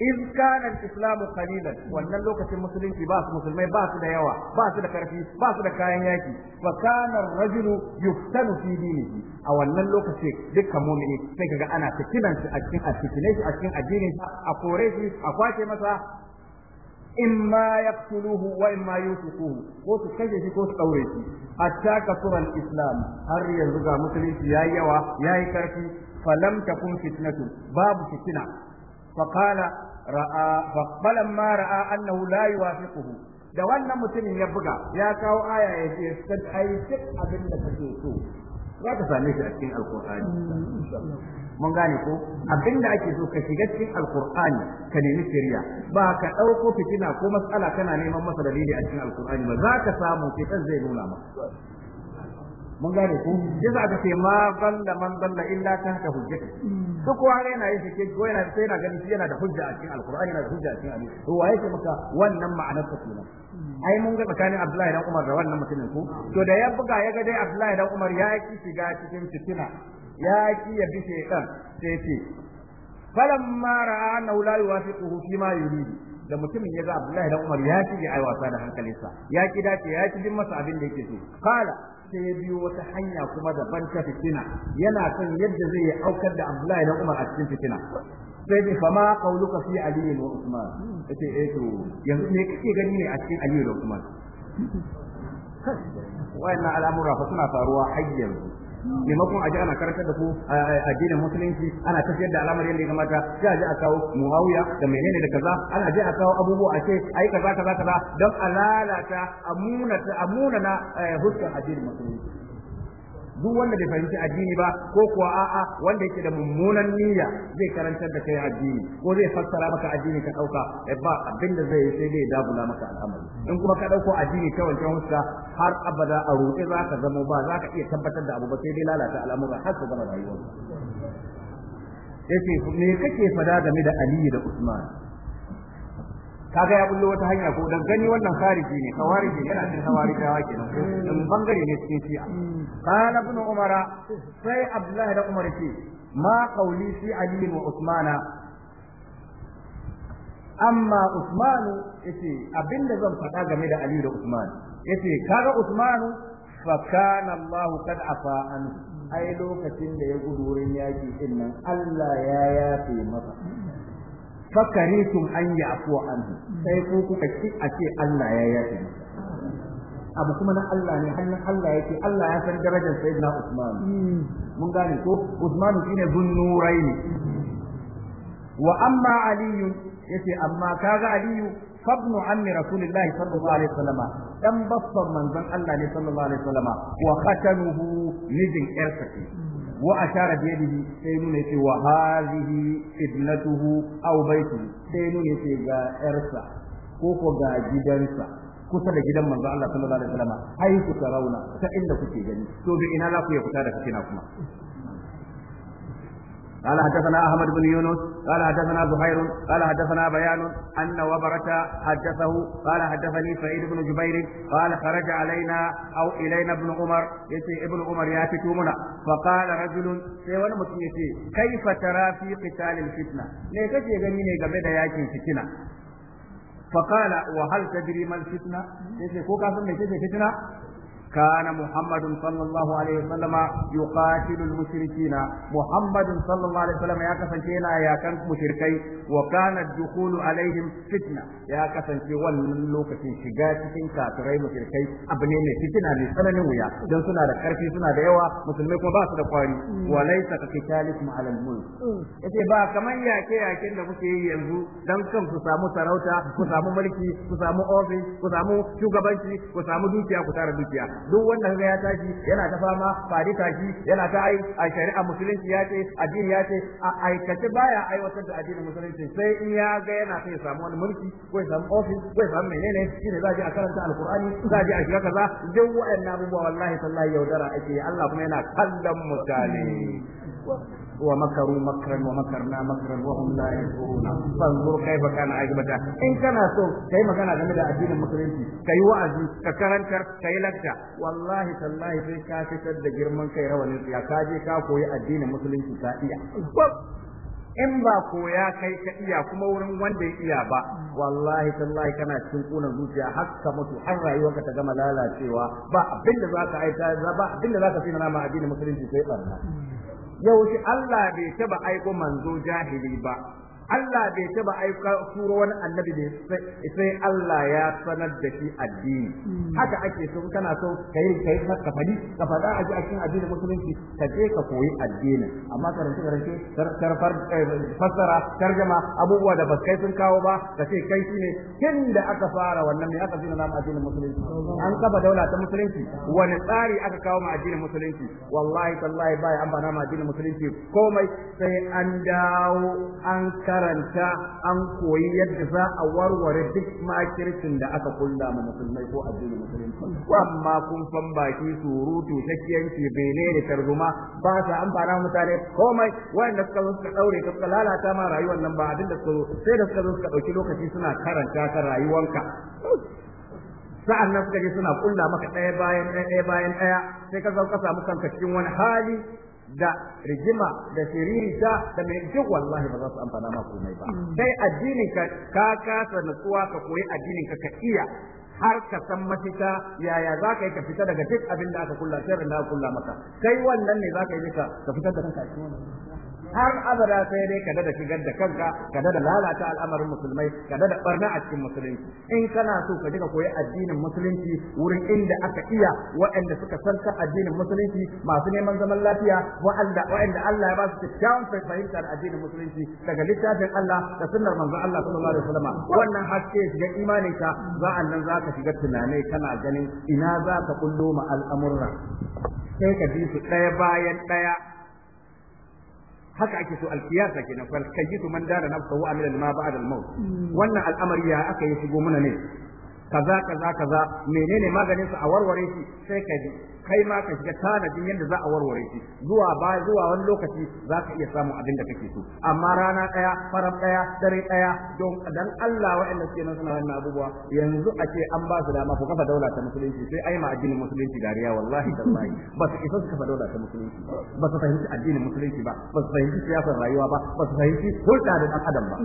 In kana islamu islam qalilan wannan lokacin musulunci ba su musulmai ba su da yawa ba su da karfi ba su da kayan yaki fa kana ar yuftanu fi dinihi a wannan lokaci dukkan mu'mini sai kaga ana fitinan shi a cikin addini a cikin addini a kore shi a kwace masa in imma yaqtuluhu wa in ma yusukuhu ko su kaje shi ko su daure shi hatta kasura islam har yanzu ga musulunci yayi yawa yayi karfi falam takun fitnatu babu fitina فقال رأى فلما رأى أنه لا يوافقه da wannan mutumin ya buga ya kawo aya ya ce sai ai duk abin da kake so za ka same shi a cikin mun gane ko abin da ake so ka shiga cikin alkur'ani ka nemi shari'a ba ka ɗauko fitina ko matsala kana neman masa dalili a cikin alqur'ani ba za ka samu kan zai nuna maka mun gane ku yasa aka ce ma balla man balla illa ta ta hujjata mm. duk wani yana yin shike ko yana sai yana ganin yana da hujja a cikin alqur'ani yana da hujja a cikin hadisi to waye ce maka wannan ma'anar ta kenan mm. ai mun ga tsakanin Abdullahi dan Umar da wannan mutumin ku to da ya buga ya ga dai Abdullahi dan Umar ya ki shiga cikin fitina ya ki ya bi shaytan sai ce falamma ra'a annahu la yuwafiquhu fima yuridu da mutumin ya ga Abdullahi dan Umar ya ci ya ai wasa da hankalinsa ya ki dace ya ki jin masa abin da yake so kala sai ya biyo wata hanya kuma daban ta fitina yana son yadda zai yi aukar da Abdullahi na Umar a cikin fitina sai bi fama kauluka fi aliyu wa Usman yace eh to yanzu ne kake gani ne a cikin aliyu da Usman wayannan al'amura fa suna faruwa har yanzu maimakon a ji ana karantar da ku addinin musulunci ana tafiyar da alamar yadda ya kamata sai a ji a kawo muhawiya da menene da kaza ana ji a kawo abubuwa a ce ai kaza kaza kaza don a lalata a munana na eh, addinin musulunci duk wanda bai fahimci addini ba ko kuwa a'a wanda yake da mummunan niyya zai karantar da kai addini ko zai fassara maka addini ka dauka eh, ba abinda da zai sai dai dagula maka al'amari in kuma ka dauko addini ta wancan huska har abada a ruɗe za ka zama ba za ka iya tabbatar da abu ba sai dai lalata al'amura har ka gama rayuwa yace me kake fada game da Aliyu da Usman kaga ya bullo wata hanya ko dan gani wannan khariji ne khawariji yana cikin khawarijawa kenan dan bangare ne cikin shi'a kana ibn umara sai abdullah da umar ce ma qauli fi ali wa usmana amma usman yace abinda zan faɗa game da ali da usman yace kaga usman fa kana allah kad afa an ai lokacin da ya gudu wurin yaki din nan Allah ya yafe masa fakaritum an yafu anhu sai ko kuka ci a ce Allah ya yafe abu kuma na Allah ne hannun Allah yake Allah ya san darajar sayyidina Usman mun gane ko Usman shine ne. wa amma aliyu yace amma kaga aliyu فابن عم رسول الله صلى الله عليه وسلم دم Allah ne ذن alaihi صلى wa عليه وسلم وختنه wa ashara bi yadihi sai nuna yace wa hadhihi ibnatuhu aw baituhu sai nuna yace ga yarsa ko ko ga gidansa kusa da gidan manzo Allah sallallahu alaihi wasallam ai tarauna ta inda kuke gani to ina za ku ya fita da fitina kuma قال حدثنا احمد بن يونس قال حدثنا زهير قال حدثنا بيان ان وبرة حدثه قال حدثني سعيد بن جبير قال خرج علينا او الينا ابن عمر يتي ابن عمر يا تتومنا فقال رجل sai wani mutum ya ce kaifa tara fi qitalil fitna ne kace gani ne game da yakin fitina فقال وهل تدري ما الفتنه؟ يقول كافر ليس فتنه كان محمد صلى الله عليه وسلم يقاتل المشركين محمد صلى الله عليه وسلم يا كفنتينا يا كان مشركين وكان الدخول عليهم فتنه ya kasance wannan lokacin shiga cikin kafirai mushrikai abu ne mai fitina mai tsananin wuya don suna da karfi suna da yawa musulmai kuma ba su da kwari mm. Walai ta ka qitalikum ala mulk mm. yace ba kamar yake yaken da kuke yi yanzu dan kan ku samu sarauta ku samu mulki ku samu office ku samu shugabanci ku samu dukiya ku tara dukiya duk wanda kaga ya tashi yana ta fama fadi tashi yana ta ai a shari'a musulunci ya ce addini ya ce a aikace baya aiwatar da addinin musulunci sai in ya ga yana sai ya samu wani mulki ko ya ofis office ko ya samu menene shine za a je a karanta alqur'ani za a je a shiga kaza duk waɗannan abubuwa wallahi tallahi yaudara ake Allah kuma yana kallon mutane Wa makaru ومكروا مكرا ومكرنا مكرا وهم لا يشعرون فانظر كيف كان عاقبته ان كان سو كيف كان game da addinin musulunci kai wa'azi ka karantar kai lakta wallahi tallahi sai ka fitar da girman kai rawanin ya ka je ka koyi addinin musulunci ka iya in ba koya kai ka iya kuma wurin wanda ya iya ba wallahi tallahi kana cikin kuna zuciya har ka mutu har rayuwarka ta gama lalacewa ba abin da zaka aika ba abin da zaka tsina ma addinin musulunci sai barna yaushe Allah bai taba aiko manzo jahili ba Allah bai taba aika turo wani annabi bai sai Allah ya sanar da shi addini hmm. haka ake so kana so kai kai ka fadi ka fada a cikin addinin musulunci ka je ka koyi addini amma karanta karanta karfar eh, fassara tarjama abubuwa da baskai sun kawo ba ka ce kai shine kin da aka fara wannan me aka zina namu addinin musulunci an kafa daula ta musulunci wani tsari aka kawo ma addinin musulunci wallahi tallahi bai an ba ma addinin musulunci komai sai an dawo an kar karanta an koyi yadda za a warware duk makircin da aka kulla ma musulmai ko addinin musulunci amma kun san baki surutu shakiyanci bene da tarjuma ba sa amfana mutane komai wanda suka zo suka daure ka suka lalata ma rayuwar nan ba abin da su sai da suka zo suka dauki lokaci suna karanta ta rayuwanka sa'an nan suka je suna kulla maka ɗaya bayan ɗaya bayan ɗaya sai ka zo ka samu kanka cikin wani hali da rigima da shiririta da mai duk wallahi ba za su amfana ma komai ba mm. sai addinin ka ka kasa natsuwa ka koyi addinin ka ka iya har ka san mafita yaya za ka yi ka fita daga duk abin da aka kulla sai da aka kulla maka kai wannan ne za ka yi ka fitar da kanka a cikin wannan har abada sai dai kada da shigar da kanka kada da lalata al'amarin musulmai kada da barna a cikin musulunci in kana so ka ka koyi addinin musulunci wurin inda aka iya waɗanda suka san addinin musulunci masu neman zaman lafiya waɗanda Allah ya ba su kyakkyawan fahimtar addinin musulunci daga littafin Allah da sunnar manzon Allah sallallahu alaihi wasallam wannan haske shiga imanin ka za a nan za ka shiga tunanai kana ganin ina za ka kullo ma al'amurra sai ka bi su ɗaya bayan ɗaya haka ake so alkiyasa kenan fal kayyitu man dara nafsahu amila ma ba'da al-maut wannan al'amari ya aka yi shigo mana ne kaza kaza kaza menene maganin su a warware shi sai ka ji kai ma ka shiga tanadin yadda za a warware shi zuwa ba zuwa wani lokaci za ka iya samun abin da kake so amma rana daya farar daya dare daya don dan Allah wa'anda suke nan suna wannan abubuwa yanzu a ce an ba su dama ku kafa daula ta musulunci sai ai ma addinin musulunci gariya wallahi tallahi ba su isa su kafa daula ta musulunci ba su fahimci addinin musulunci ba ba su fahimci siyasar rayuwa ba ba su fahimci hulɗa da dan adam ba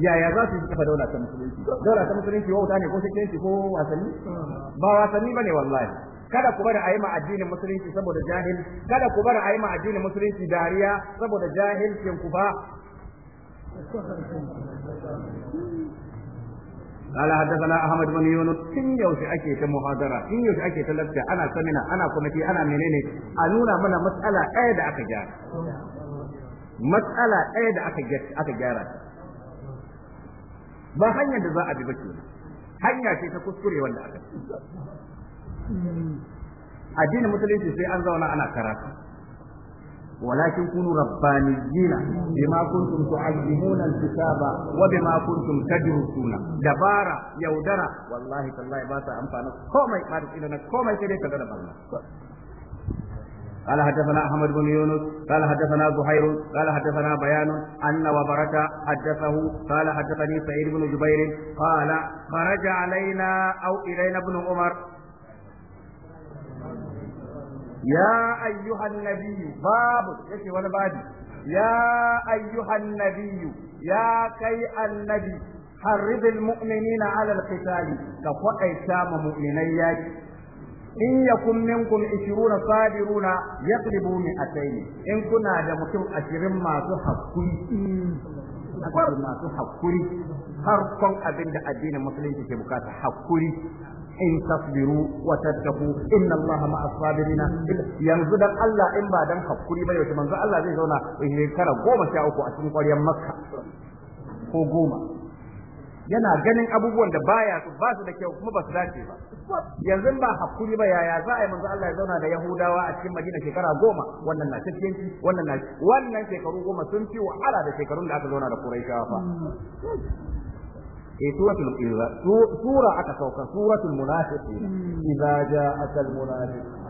yaya za su yi kafa daula ta musulunci daula ta musulunci wauta ne ko shekenci ko wasanni ba wasanni ba ne wallahi kada ku bada a yi addinin musulunci saboda jahil kada ku bada a yi addinin musulunci dariya saboda jahilcin ku ba قال حدثنا احمد بن يونس كن يوشي اكي ta muhadara tun yaushe ake ta lafiya ana samina ana kwanaki, ana menene a nuna mana matsala ɗaya da aka gyara matsala ɗaya da aka gyara ba hanyar da za a bi ba ke hanya ce ta kuskure wanda aka ci addinin musulunci sai an zauna ana karatu walakin kunu rabbaniyyina bima kuntum tu'allimuna alkitaba wa bima kuntum tadrusuna dabara yaudara wallahi tallahi ba ta amfana komai ba ina komai sai dai ka da ba قال حدثنا احمد بن يونس قال حدثنا زهير قال حدثنا بيان ان وبرك حدثه قال حدثني سعيد بن جبير قال خرج علينا او الينا ابن عمر يا ايها النبي باب يكي ولا بادي يا ايها النبي يا كي النبي حرض المؤمنين على القتال كفؤي سام مؤمنين in yakun minkum 20 sabiruna yaqlibu mi'atayn in kuna da mutum 20 masu hakuri akwai masu hakuri farkon abin da addinin musulunci ke bukata hakuri in tasbiru wa tattaku inna Allah ma'a sabirina yanzu dan Allah in ba dan hakuri ba yaushe manzo Allah zai zauna eh, shekara goma sha uku a cikin ƙwaryar Makka ko goma yana ganin abubuwan da baya su ba su da kyau kuma ba su dace ba yanzu ba hakuri ba yaya za a yi manzo Allah ya zauna da Yahudawa a cikin Madina shekara goma wannan na cikin wannan na wannan shekaru goma sun fi wahala da shekarun da aka zauna da Quraishawa fa eh, eh, sura aka sauka suratul munafiqin idza ja'a al المنافقون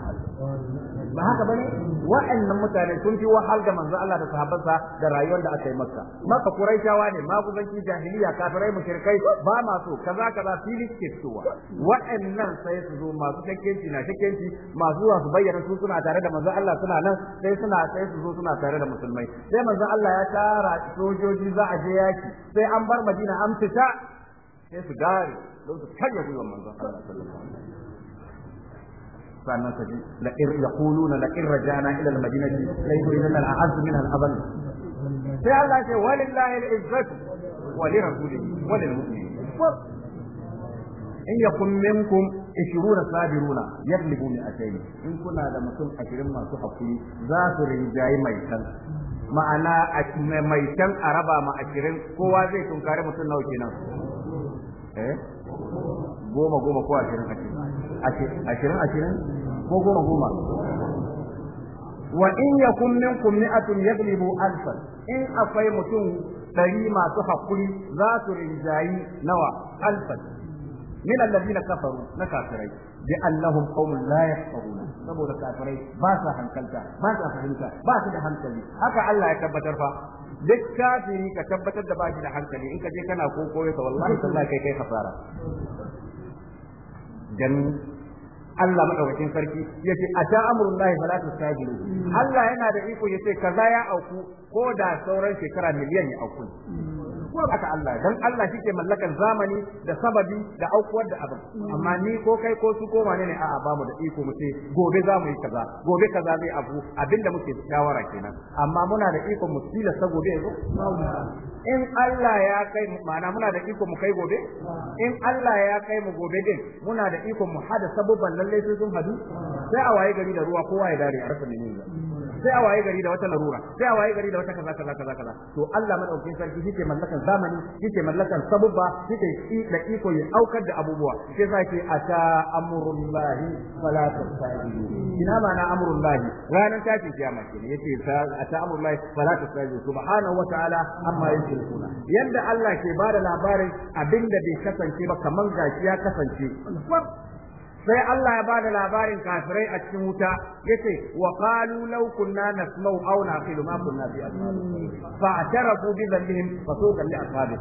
ba haka bane wa'annan mutane sun fi wahal ga manzo Allah da sahabbansa da rayuwar da aka yi maka maka quraishawa ne magubanci jahiliya kafirai mushrikai ba ma so kaza kaza filis ke tsowa wa'annan sai su zo masu shakkenci na shakkenci masu zuwa su bayyana su suna tare da manzo Allah suna nan sai suna sai su zo suna tare da musulmai sai manzo Allah ya tara sojoji za a je yaki sai an bar Madina an fita sai su gare don su karya gwiwar manzo Allah sallallahu alaihi wasallam sannan ka ji la ir na la ir rajana ila al madinati la yudina al azm min al abad sai Allah ce walillahi al izzatu wa li rasulihi wa lil mu'minin in yakun minkum ishiruna sabiruna yaglibu mi'atayn in kuna da mutum 20 masu hakuri za su rinjayi mai kan ma'ana mai can a raba ma ashirin kowa zai tunkari mutum nawa kenan eh goma goma ko ashirin ashirin ashirin ashirin ko goma goma wa in yakun minkum mi'atun yaghlibu alfan in akwai mutum dari masu hakuri za su rinjayi nawa alfan min alladhina kafaru na kafirai bi annahum qaumun la yafqahuna saboda kafirai ba sa hankalta ba sa fahimta ba su da hankali haka Allah ya tabbatar fa duk kafiri ka tabbatar da ba shi da hankali in ka je kana kokoyo ka wallahi sallah kai kai hasara dan Allah madaukakin sarki yace ata amrullahi fala tusajilu Allah yana da iko yace kaza ya auku ko da sauran shekara miliyan ya auku aka Allah dan Allah shike mallakar zamani da sababi da aukuwar da abin amma ni ko kai ko su ko wane ne a'a bamu da iko mu ce gobe za mu yi kaza gobe kaza zai abu abinda muke shawara kenan amma muna da iko mu sa gobe yazo in Allah ya kai mu ma'ana muna da iko mu kai gobe in Allah ya kai mu gobe din muna da iko mu hada sabuban lalle sai sun hadu sai a waye gari da ruwa kowa ya dare a rasa menene sai a waye gari da wata larura sai a waye gari da wata kaza kaza kaza kaza to Allah madaukakin sarki shi ke mallakan zamani shi ke mallakan sabubba shi ke da iko ya aukar da abubuwa sai sa ke ata amrullahi fala tastajibu ina mana amurullahi ranar tashin kiyama ke ne yace ata amrullahi fala tastajibu subhanahu wa ta'ala amma yushrikuna yadda Allah ke bada labarin abinda bai kasance ba kaman gashi ya kasance sai Allah ya bada labarin kafirai a cikin wuta yace wa qalu law kunna nasma'u aw naqilu ma kunna fi ashabi fa atarafu bi dhanbihim fa suqa li ashabi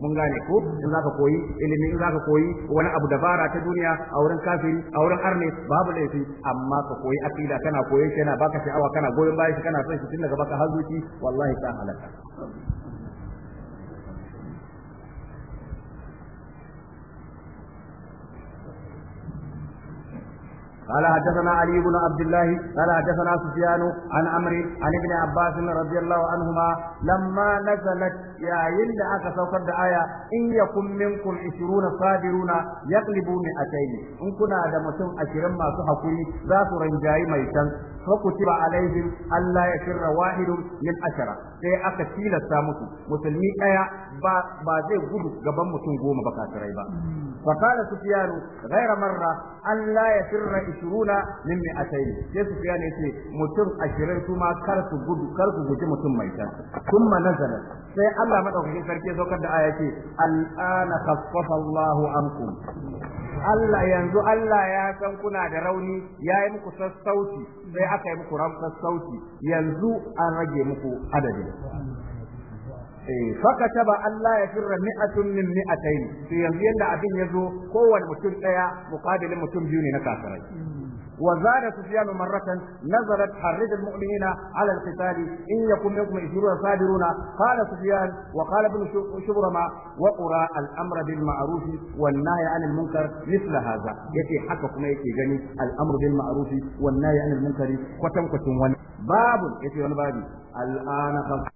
mun gane ko in zaka koyi ilimi in zaka koyi wani abu dabara ta duniya a wurin kafiri a wurin arne babu laifi amma ka koyi aqida kana koyi kana baka sha'awa kana goyon bayan shi kana son shi tun daga baka hazuci wallahi ta halaka قال حدثنا علي بن عبد الله قال حدثنا سفيان عن عمرو عن ابن عباس رضي الله عنهما لما نزلت يا يند aka saukar da aya in yakun minkum 20 sabiruna yaqlibu mi'atayn in kuna da mutum 20 masu hakuri za su ranjayi mai san fa kutiba alaihim alla yashra wahidun min sai aka tilasta musu musulmi ɗaya ba ba zai gudu gaban mutum goma ba kafirai ba فقال سفيان غير مرة أن لا يسر عشرون من مئتين يا سفيان يتي متم عشرين ثم كرت قد كرت قد متم ميتا ثم نزل سي الله ما تغفر سركي سوكت آياتي الآن خصف الله عنكم Allah yanzu Allah ya san kuna da rauni ya yi muku sassauci sai aka yi muku ran sassauci yanzu an rage muku adadin فكتب الله يفر مئة من مئتين في ينزل أبين يزو قوة المتن مقابل المتن بيوني نكافرين وزاد سفيان مرة نزلت حرج المؤمنين على القتال إن يكن منكم عشرون صابرون قال سفيان وقال ابن شبرمة وقرا الأمر بالمعروف والنهي عن المنكر مثل هذا يتي حقكم يتي جني الأمر بالمعروف والنهي عن المنكر وتم كتم باب يتي الآن خلق